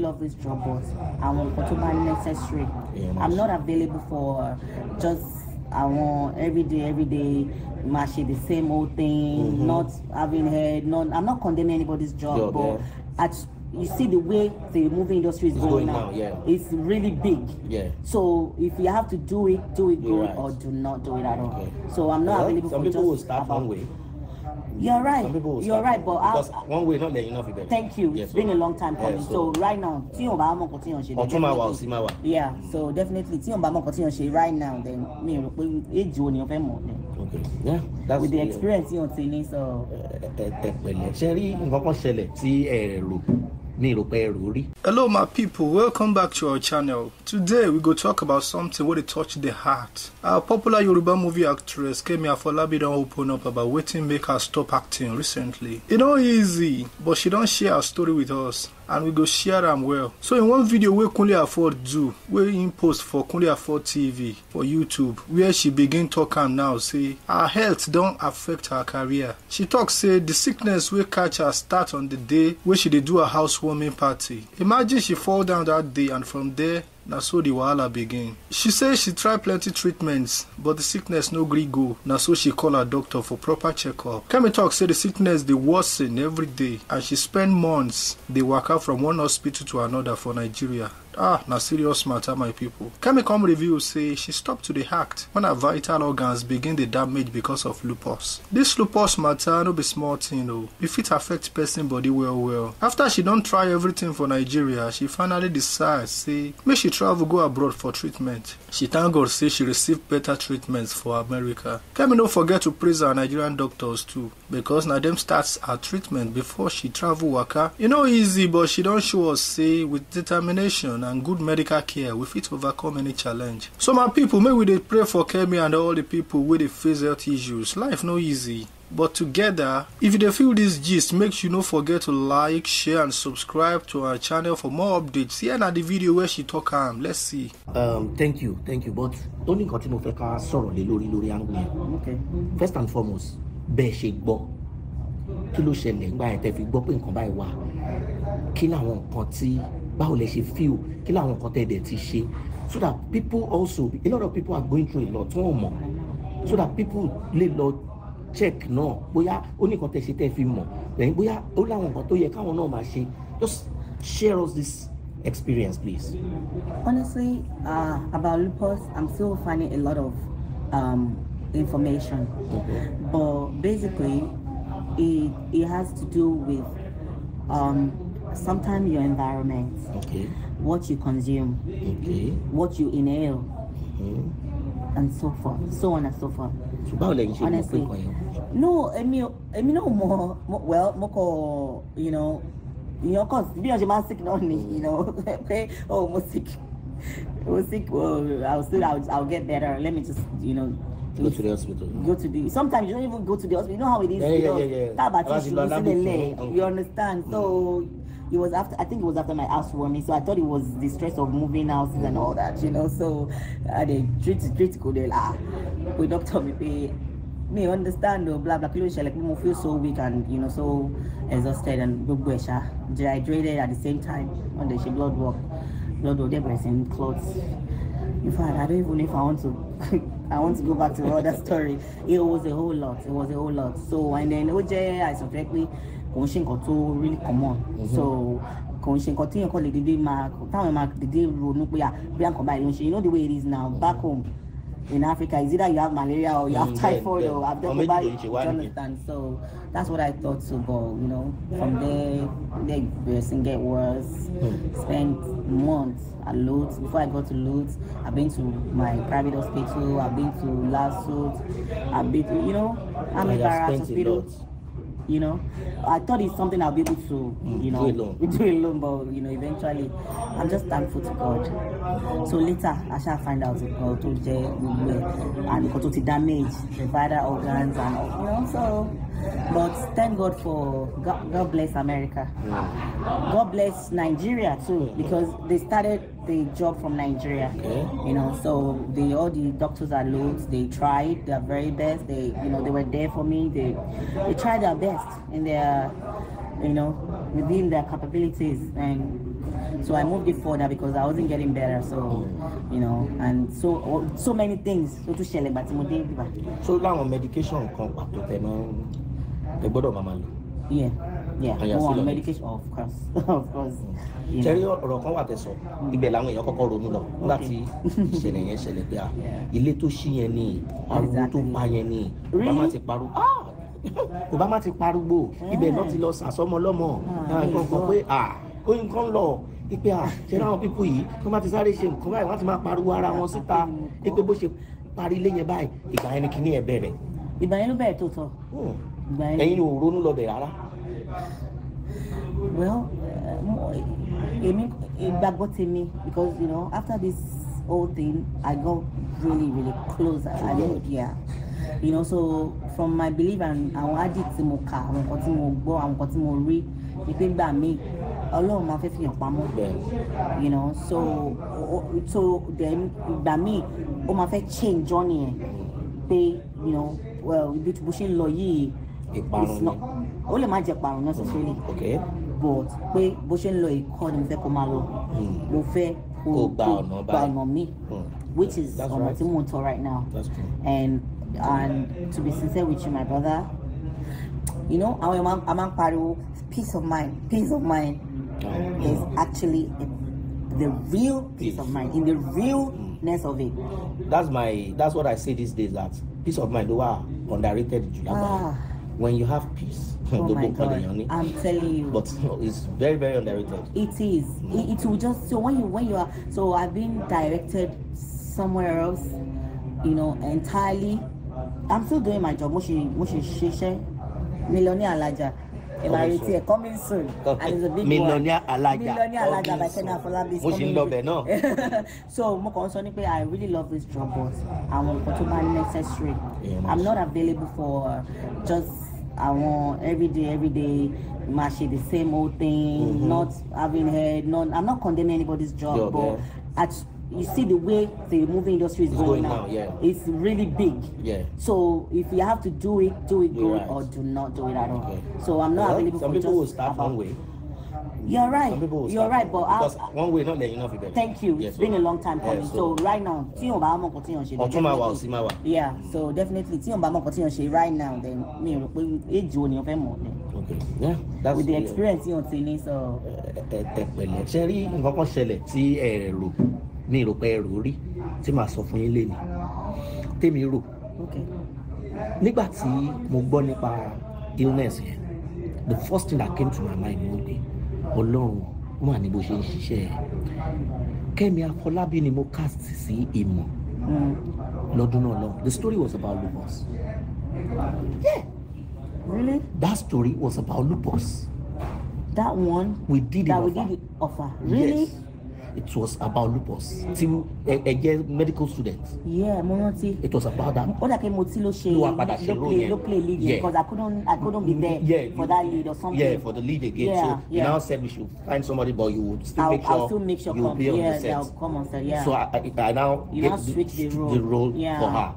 love this job but I want to tó my necessary i'm not available for uh, just I want every day, every day, mash the same old thing mm -hmm. not having head not i'm not condemning anybody's job yeah, but yeah. at you see the way the movie industry is it's going, going now. yeah. It's really big. Yeah. So if you have to do it, do it good right. or do not do it at all. Okay. So I'm not available well, available some people will start one way You're right. Some people will You're right, but because I'll, one way not lẹ́yìn náà fi Thank you. Yes, it's been a long time coming. Yeah, so, so right now, tí yóò bá continue kò tí yóò ṣe. Ọ̀tún máa wà òsì Yeah, mm. so definitely tí yóò bá continue kò tí right now then me, we pé èjì wo ni Okay, yeah, that's With the uh, experience yóò ti ní so. Ẹ ẹ pẹ̀lẹ́ ṣe rí nǹkan kan ṣẹlẹ̀ tí ẹ rò ní ìrọ̀pẹ́ ẹrù rí. hello my people welcome back to our channel today we go talk about something wey dey touch the heart our popular yoruba movie actress kemi afolabi don open up about wetin make her stop acting recently e no easy but she don share her story with us and we go share am well so in one video wey kunle afford do wey im post for kunle afford tv for youtube Where she begin talk am now say her health don affect her career she tok say the sickness wey catch her start on the day wey she dey do her housewarming party imagine she fall down that day and from there na so the wahala begin she say she try plenty treatments but the sickness no gree go na so she call her doctor for proper checkup kemi talk say the sickness dey worsen every day and she spend months dey waka from one hospital to another for nigeria Ah, na serious matter, my people. Chemicom Review say she stopped to the act when her vital organs begin the damage because of lupus. This lupus matter no be small thing o. If it affect person body well well. After she don't try everything for Nigeria, she finally decides say may she travel go abroad for treatment. She thank God say she receive better treatments for America. Kemi no forget to praise our Nigerian doctors too because now them starts her treatment before she travel waka. You e know easy but she don't show us say with determination education and good medical care we fit overcome any challenge so my people, may we dey pray for kemi and all the people with the face health issues life no easy but together if you feel this gist make sure you no forget to like share and subscribe to our channel for more updates here na di video where she talk. Um, let's see. Um, thank you thank you but ó ní nǹkan tí mo fẹ́ lori sọ̀rọ̀ angle Okay. first and foremost be ṣe gbọ́ kí ló ṣẹlẹ̀ ńgbà ẹ̀ tẹ́ fi gbọ́ pé nǹkan báyìí wà kí làwọn báwo lẹ ṣe feel kí làwọn nǹkan tẹ̀ dẹ̀ ti ṣe so that people also a lot of people are going through a lot wọ́n mọ̀ so that people lè lọ check náà bóyá ó ní nǹkan tẹ̀ ṣe tẹ̀ fi mọ̀ lẹ́yìn bóyá ó láwọn nǹkan tó yẹ káwọn náà máa ṣe just share us this experience please. honestly uh, about lupus i'm still finding a lot of um, information okay. but basically it, it has to do with um, sometimes your environment, okay. what you consume, okay. what you inhale, okay. Mm-hmm. and so forth, so on and so forth. ṣùgbọ́n lẹ́yìn ṣe mọ̀ pé kàn yẹn. no èmi èmi well mo you know èèyàn kàn bí wọ́n ṣe máa sick only, you know okay. oh mo sick mo sick Well, i'll still I'll, i'll get better let me just you know go to the hospital. Go to the sometimes you don't even go to the hospital. You know how it is. Yeah, yeah, yeah, yeah. Tábà tí ṣùgbọ́n the leg. you understand? Mm. So it was after I think it was after my house warming, so I thought it was the stress of moving houses and all that, you know. So I they treat treat good they like we ah, doctor me pay me understand though blah blah kilo like we feel so weak and you know so exhausted and dehydrated at the same time on the blood work blood work they in clothes in fact i don't even know if i want to i want to go back to all that story it was a whole lot it was a whole lot so and then oj i me. kò ń ṣe nǹkan tó really common mm-hmm. so kò ń ṣe nǹkan tí èèyàn kan lè dédé máa táwọn máa dédé ronú pé bí àǹkan báyìí ń ṣe you know the way it is now mm-hmm. back home in Africa is either you have malaria or you have mm-hmm. typhoid or abdekaba you understand so that's what I thought so but you know from there the person get worse mm. spent months at Lodz before I got to Lodz I've been to my private hospital I've been to Lasot I've been to you know I'm embarrassed hospital you know. I thought it's something I'll be able to, mm, you know, do it alone, but, you know, eventually I'm just thankful to God. So later, I shall find out about Toje, and got to damage the vital organs and, you know, so But thank God for God, God bless America. Yeah. God bless Nigeria too because they started the job from Nigeria. Okay. You know, so the all the doctors are loads. They tried their very best. They you know they were there for me. They they tried their best in their you know within their capabilities and so I moved it further because I wasn't getting better. So, you know, and so so many things. So to So now medication come back to them. ẹ gbọ́dọ̀ máa máa lò. yeah yeah mo medication of course of course. sẹ́rí mm. ọ̀rọ̀ kan wà tẹ̀sán mm. ibẹ̀ làwọn èèyàn kọ́kọ́ ronú lọ nígbà tí ìṣẹ̀lẹ̀ yẹn ṣẹlẹ̀ pé ilé tó ṣí yẹn ni arúgbó tó pa yẹn ni màmá ti parú ah! obama ti parúgbó ibẹ̀ náà ti lọ sàsọ́mọ lọ́mọ ah, nǹkan kan pé ó nǹkan lọ ipe à ṣe ráwọn pípù yìí tó má ti sáré ṣe nǹkan báyìí wọ́n ti máa pariwo ara wọn síta ipe bó ṣe parí ilé báyìí ìgbà yẹn ni kinní ẹ̀ bẹ̀rẹ̀. ìgbà yẹn ló bẹ̀rẹ̀ tó tọ. Hmm ẹ̀yin ò ronú lọ́bẹ̀ rárá. well èmi ìgbàgbọ́ tèmi because you know after this whole thing i got really really close i know yeah you know so from my belief and àwọn adìt tí mo kà àwọn nǹkan tí mo gbọ́ àwọn nǹkan tí mo rí ni pé gbà mí ọlọ́run máa fẹ́ fi hàn pamọ́ you know so so then ìgbà míì ó máa fẹ́ change journey yẹn pé you know well ibi tí mo ṣe ń lọ yìí ìparun ni. ó lè má jẹ ìparun necessarily. Mm, okay. but pé bó ṣe ń lọ ìkọ́ ni mo fẹ́ kó máa lọ. Mm. mo fẹ́ kó gba ọ̀nà báyìí gba ọ̀nà mi. Mm. which is ọ̀nà tí mo ń tọ̀ right now. and and to be sincere with you my brother you know àwọn èèyàn a máa ń pariwo peace of mind peace of mind mm. is actually a, the real peace of mind in the realness of it. that's my that's what i say these days that peace of mind ló wà underrated jù lágbàá. Ah when you have peace oh my God. i'm telling you but it's very very underrated it is mm. it, it will just so when you when you are so i've been directed somewhere else you know entirely i'm still doing my job mo ṣe mo ṣe ṣiṣẹ́ millionaire ìmàrètí ẹ̀ coming soon and it's a big millionaire one alaja millionaire alaja by Senator Afolabi is coming soon so mo kàn ń sọ ni pé I really love this job but àwọn nǹkan tó bá necessary I'm not available for uh, just àwọn everyday everyday ma ṣe the same old thing mm -hmm. not having head not I'm not condemning anybody's job yeah, but yeah. at you see the way the movie industry is going, going, now. Yeah. It's really big. Yeah. So if you have to do it, do it good right. or do not do it at all. Okay. So I'm not well, available some for people just will start about, one way. You're right. You're right, but because I'll, one way not letting enough event. Thank you. Yes, it's so, been a long time coming. Yeah, so, so right now, tí o bá mọ̀ nǹkan tí o ń ṣe. Ọ̀tún máa wà òsì máa wà. Yeah, mm. so definitely tí o bá mọ̀ nǹkan tí o ń ṣe right now then mi rò pé èjì o ni o fẹ́ mọ̀ then. Okay. Yeah, that's With the experience tí o ti ní so. Ẹ ẹ pẹ̀lẹ́ ṣe rí nǹkan kan ṣẹlẹ̀ tí ẹ rò mi rò pé ẹrù rí tí màá sọ fún yín lénìí tèmi rò nígbà tí mo gbọ́ nípa illness yẹn the first thing that came to my mind was pé ọlọ́run wà ní bó ṣe ń ṣiṣẹ́ ẹ̀ kẹ́mi afọlábí ni mo cast sí ìmọ̀ hmm. lọ́dún náà lọ the story was about lupus yeah really that story was about lupus that one we did that in we did the offer really. Yes it was about lupus tí ẹ medical student. yeah mo rántí. it was about that. ó dà pé mo ti ló ṣe ló padà ṣe role yẹn ló play lead yẹn because i couldn't i couldn't be there yeah, for that lead or something. yeah for the lead again yeah, so yeah. you now said we should find somebody but you would still make sure I'll still make sure you will be on yeah, the set. I'll come on set yeah. so i i, I now get now switch the role, the role yeah. for her.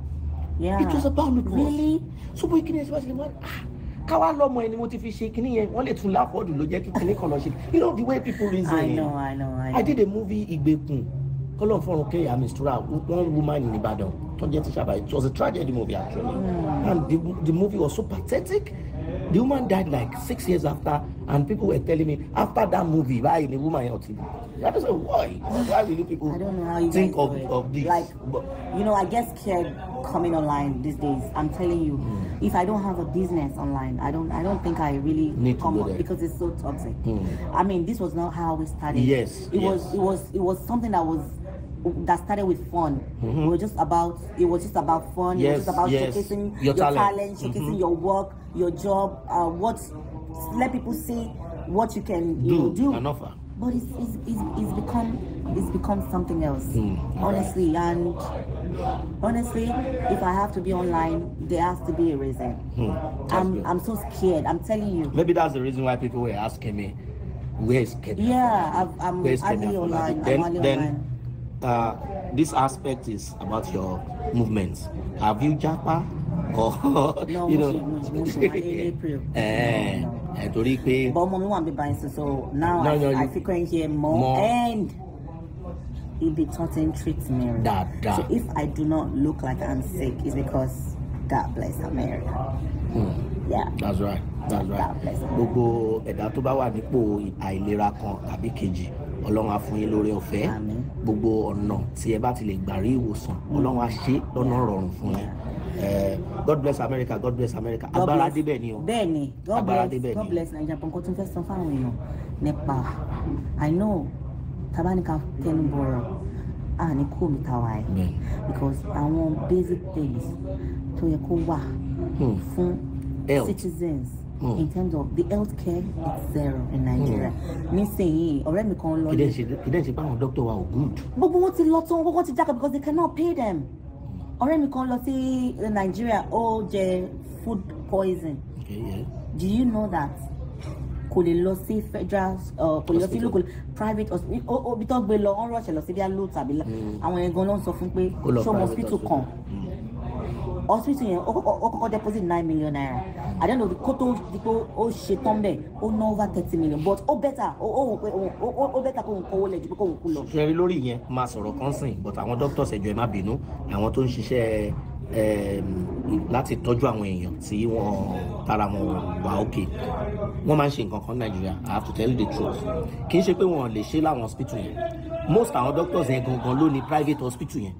yeah it was about lupus. really so we can especially one ah káwá lọ́mọ ẹni mo ti fi ṣe kinní yẹn wọ́n lè tún láfọ́ọ̀dù ló jẹ́ kí kinní kan lọ ṣe you know the way people reason. I know I know I know. I did a movie ìgbèkùn kọ́lọ́ fọ́run kẹ́yà mistura one woman in Ibadan tó jẹ́ ti ṣàbàyí it was a tragedy movie actually hmm. and the, the movie was so pathetic The woman died like six years after, and people were telling me after that movie, why the woman out I just said, why? Why will you people I don't know how you think of, of this? Like, you know, I guess scared coming online these days. I'm telling you, mm. if I don't have a business online, I don't, I don't think I really Need come because it's so toxic. Mm. I mean, this was not how we started. Yes, it yes. was, it was, it was something that was that started with fun. Mm-hmm. It was just about it was just about fun. Yes, it was just about yes. showcasing your, your talent. talent, mm-hmm. showcasing mm-hmm. your work, your job, uh, what let people see what you can do, you know, do. an offer. But it's, it's, it's, it's become it's become something else, mm, honestly. Right. And honestly, if I have to be online, there has to be a reason. Mm, I'm I'm so scared. I'm telling you. Maybe that's the reason why people were asking me, where is Kenya? Yeah, i am only online. Then, I'm online uh, this aspect is about your movements. Have you japa or no, you know? Eh, eh, torí pé. But mommy won't be buying so so now no, I, no, I frequent here more, more and it be certain treats Mary. That, that. So if I do not look like I'm sick, it's because God bless America. Hmm. Yeah. That's right. That's right. Gbogbo ẹ̀dá tó bá wà nípò àìlera kan tàbí kejì ọlọ́run á fún yín lórí ọ̀fẹ́ gbogbo ọ̀nà tí ẹ bá ti lè gbà rí ìwòsàn mm. ọlọ́run á ṣe lọ́nà rọrùn fún yín eh, god bless america god bless america agbára débẹ̀ ni o bẹ́ẹ̀ ni god bless god bless naija pọnkọ tún fẹ́ san fáwọn èèyàn nípa i know tabanika tẹnu bọ̀rọ̀ a ní kó mi ta wa ẹ because àwọn basic things tó yẹ kó wà hmm. fún citizens. Mm. in terms of the healthcare it's zero in Nigeria mm. nísìnyìí ọ̀rẹ́ mi kan lọ. kìdẹ́ ṣe báwọn dókítà wa ò good. gbogbo wọn ti lọ tán gbogbo wọn ti dákọ̀ because they cannot pay them. Mm. ọ̀rẹ́ mi kan lọ sí Nigeria ó jẹ food poison. Okay, yeah. do you know that kò lè lọ sí federal uh, kò lè lọ sí local private hospital obi tó gbé lọ wọn rọ̀ṣẹ̀ lọ sí bíi alo tàbí mm. àwọn yẹn gan ló ń sọ fún pé ṣé hospital kan. Mm hospital yẹn ó kọ́kọ́ deposit nine million naira I don't know of the kó tó di pé ó ṣe tán bẹ́ẹ̀ ó ná over thirty million but ó bẹ́tà ó wò pé ó bẹ́tà kó n kówó lẹ̀ ju pé kó n kú lọ. ṣe rí lórí yẹn máa sọ̀rọ̀ kan sìn but àwọn doctors ẹ̀jọ̀ ẹ̀ má bínú àwọn tó ń ṣiṣẹ́ láti tọ́jú àwọn èèyàn tí wọ́n tara wọn wà òkè wọ́n máa ń ṣe nǹkan kan nàìjíríà i have to tell you the truth kì í ṣe pé wọ́n lè ṣe láwọn hospital yẹn most àwọn doctors yẹn gangan ló ní private hospital yẹn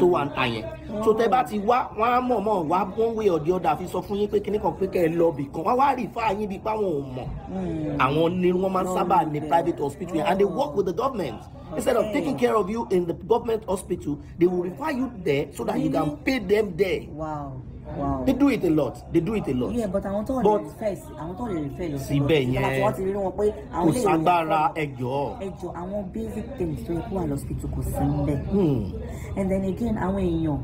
tó wà ń ta yẹn so tẹ bá ti wá wọn á mọ̀ọ́mọ̀ wá one way or the other fi sọ fún yín pé kíní kan pé kẹ́ ẹ lọ bì kan wá wá rí fáà yín bíi páwọn ò mọ̀ hmm. àwọn ni wọ́n máa ń sábà ní private hospital and they work with the government instead of taking care of you in the government hospital they will refer you there so that you can pay them there. Wow. Wow. They do it a lot. They do it a lot. Yeah, but àwọn tó lè fẹ́ àwọn tó lè fẹ́ lọ sí ibẹ̀ yẹn kò sagbára ẹjọ́. ẹjọ́ àwọn basic things tó yẹ kó wà lọ́sítítù kò hmm. and then again àwọn èèyàn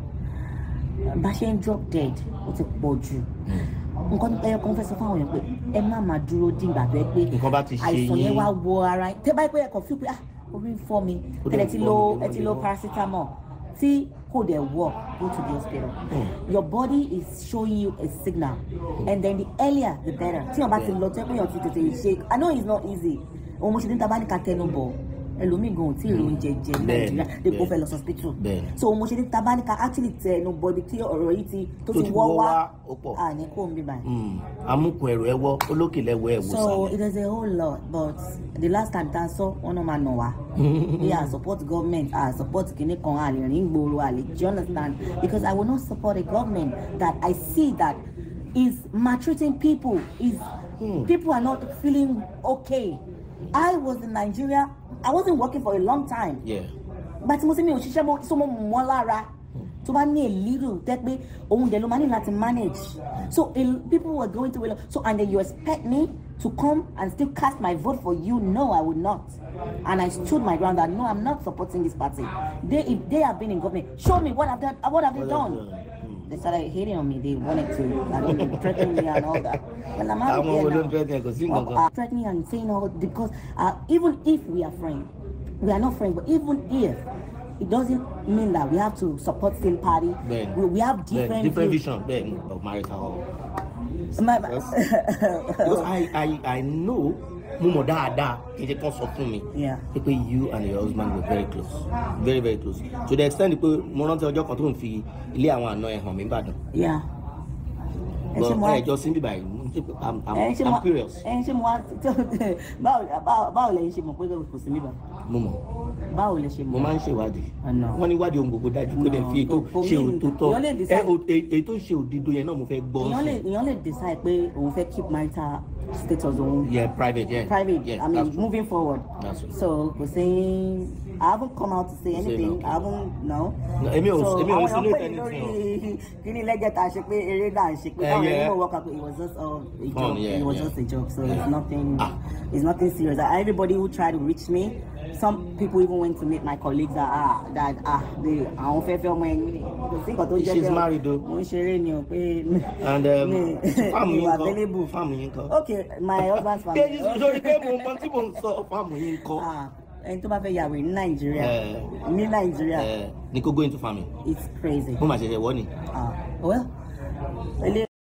bá ṣe ń drop dead ó ti pọ̀ jù hmm. nǹkan ẹyọ kan fẹ́ sọ fáwọn èèyàn pé ẹ má máa dúró dìgbà tó yẹ pé àìsàn yẹn wá wọ ara tẹ́ báyìí pé ẹ̀kọ́ fíìpé ah orí ń fọ́ mi tẹ́lẹ̀ ti lo paracetamol tí kò dẹ̀ work go to the hospital mm. your body is showing you a signal hmm. and then the earlier the better tí wọn bá ti lọ tẹ́kùn yàn ti tètè shake i know it's not easy òun mo ṣe ní tabani ká bọ̀ ẹlòmíì gan ò tí ì nàìjíríà lè kó fẹ́ lọ hospital so mo ṣe ní tabanika actually tẹ ẹnu bọ ibi tí ọ̀rọ̀ yìí ti tó ti wọ́ wá à ní kó n bí báyìí. Hmm, amúkun ẹ̀rọ ẹwọ́ olókè lẹ́wọ́ ẹ̀wọ́ sálẹ̀. so it is a whole lot but the last time tá a sọ wọn náà máa nà wá we are support government ah support kìnnì kan a rìn gbòòrò a do you understand because i will not support a government that i see that is maltreating people is hmm. people are not feeling okay. I was in Nigeria I wasn't working for a long time. Yeah. But most of me, she said, mo some more lára hmm. tó bá a little tẹ́ pé òun the ló máa ní manage so people were going to. a so and then you expect me to come and still cast my vote for you no I would not and I stood my ground that no I'm not supporting this party they if they have been in government show me what have they what have they done. They started hating on me. They wanted to. Like, they me and all that. Well, I'm out here now. Uh, threatening and saying all because uh, even if we are friends, we are not friends. But even if it doesn't mean that we have to support same party. Ben, we, we have different ben, different vision ben, of marital. My, because I, I I know mo mọ̀ dáadáa kì í ṣe kán sọ fún mi pé pé you and your husband were very close very very close to the extent pé mo rántí ọjọ́ kan tó ń fi ilé àwọn àna ẹ̀ hàn mí Ìbàdàn. ẹ ẹ jọ sí bíbá yìí I'm eh, I'm I'm curious. ẹyin ṣé mo wá báwo lẹ̀yin ṣe mọ̀ pé kò sí níbà. mo mọ̀ báwo lẹ ṣe mọ̀. mo máa ń ṣèwádìí wọ́n ní wádìí ohun gbogbo dájú kó dẹ̀ fi ètò ṣe òtútọ́ ètò ṣe òdido yẹn náà mo fẹ́ gbọ́. èèyàn lè decide pé òun fẹ́ keep marital status òun. yeah private yeah private yes, I mean moving forward. so kò sí I haven't come out to say anything I haven't no. èmi ò èmi ò sí lóòótọ́ ní ti hàn. kí ni lẹ́jẹ̀ tá a ṣe pé eré náà ṣe pé báwo ni mo wọ́n pé it was just all. Oh all a joke. Yeah, it was yeah. just a joke. So it's nothing. Ah. It's nothing serious. Uh, everybody who tried to reach me, some people even went to meet my colleagues that ah that ah they àwọn fẹ́ fẹ́ ọmọ ẹni kò married though. and um, fáàmù yín kọ́ fáàmù okay my husband's family. pé yín sori pé mo mọ tí mo ń sọ fáàmù yín kọ́. Ah, ẹni tó eh. eh, go into farming. it's crazy. How much is wọ́ warning? ah well.